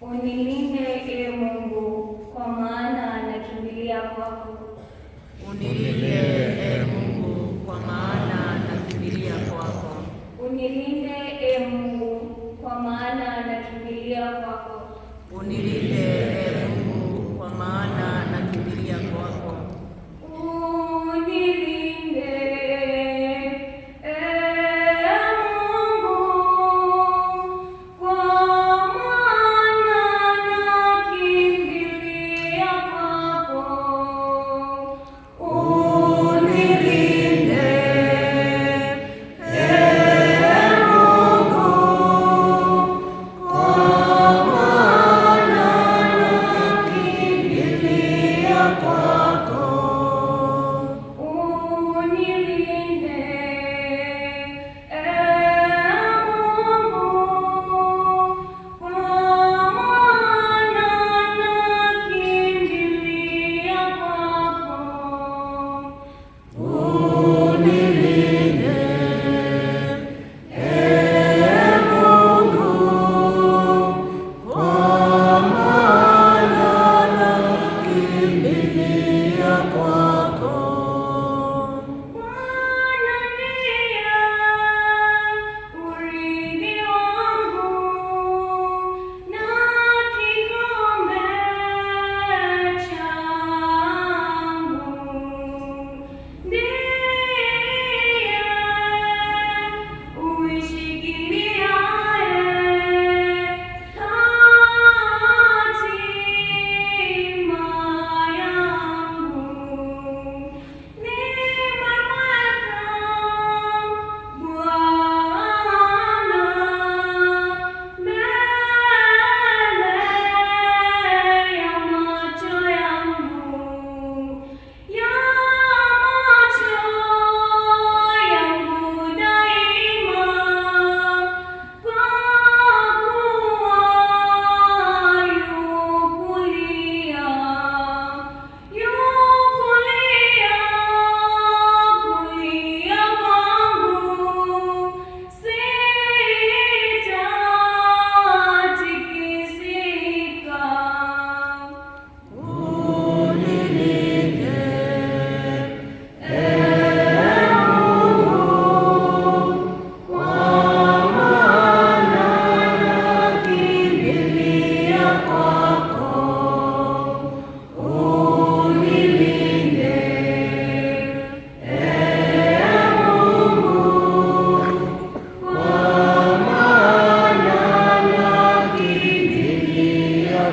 Unilinde e ee Mungu, kwa maana nakimbilia kwako. Unilinde e ee Mungu, kwa maana nakimbilia kwako. Unilinde e ee Mungu, kwa maana nakimbilia kwako. Unilinde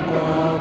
qual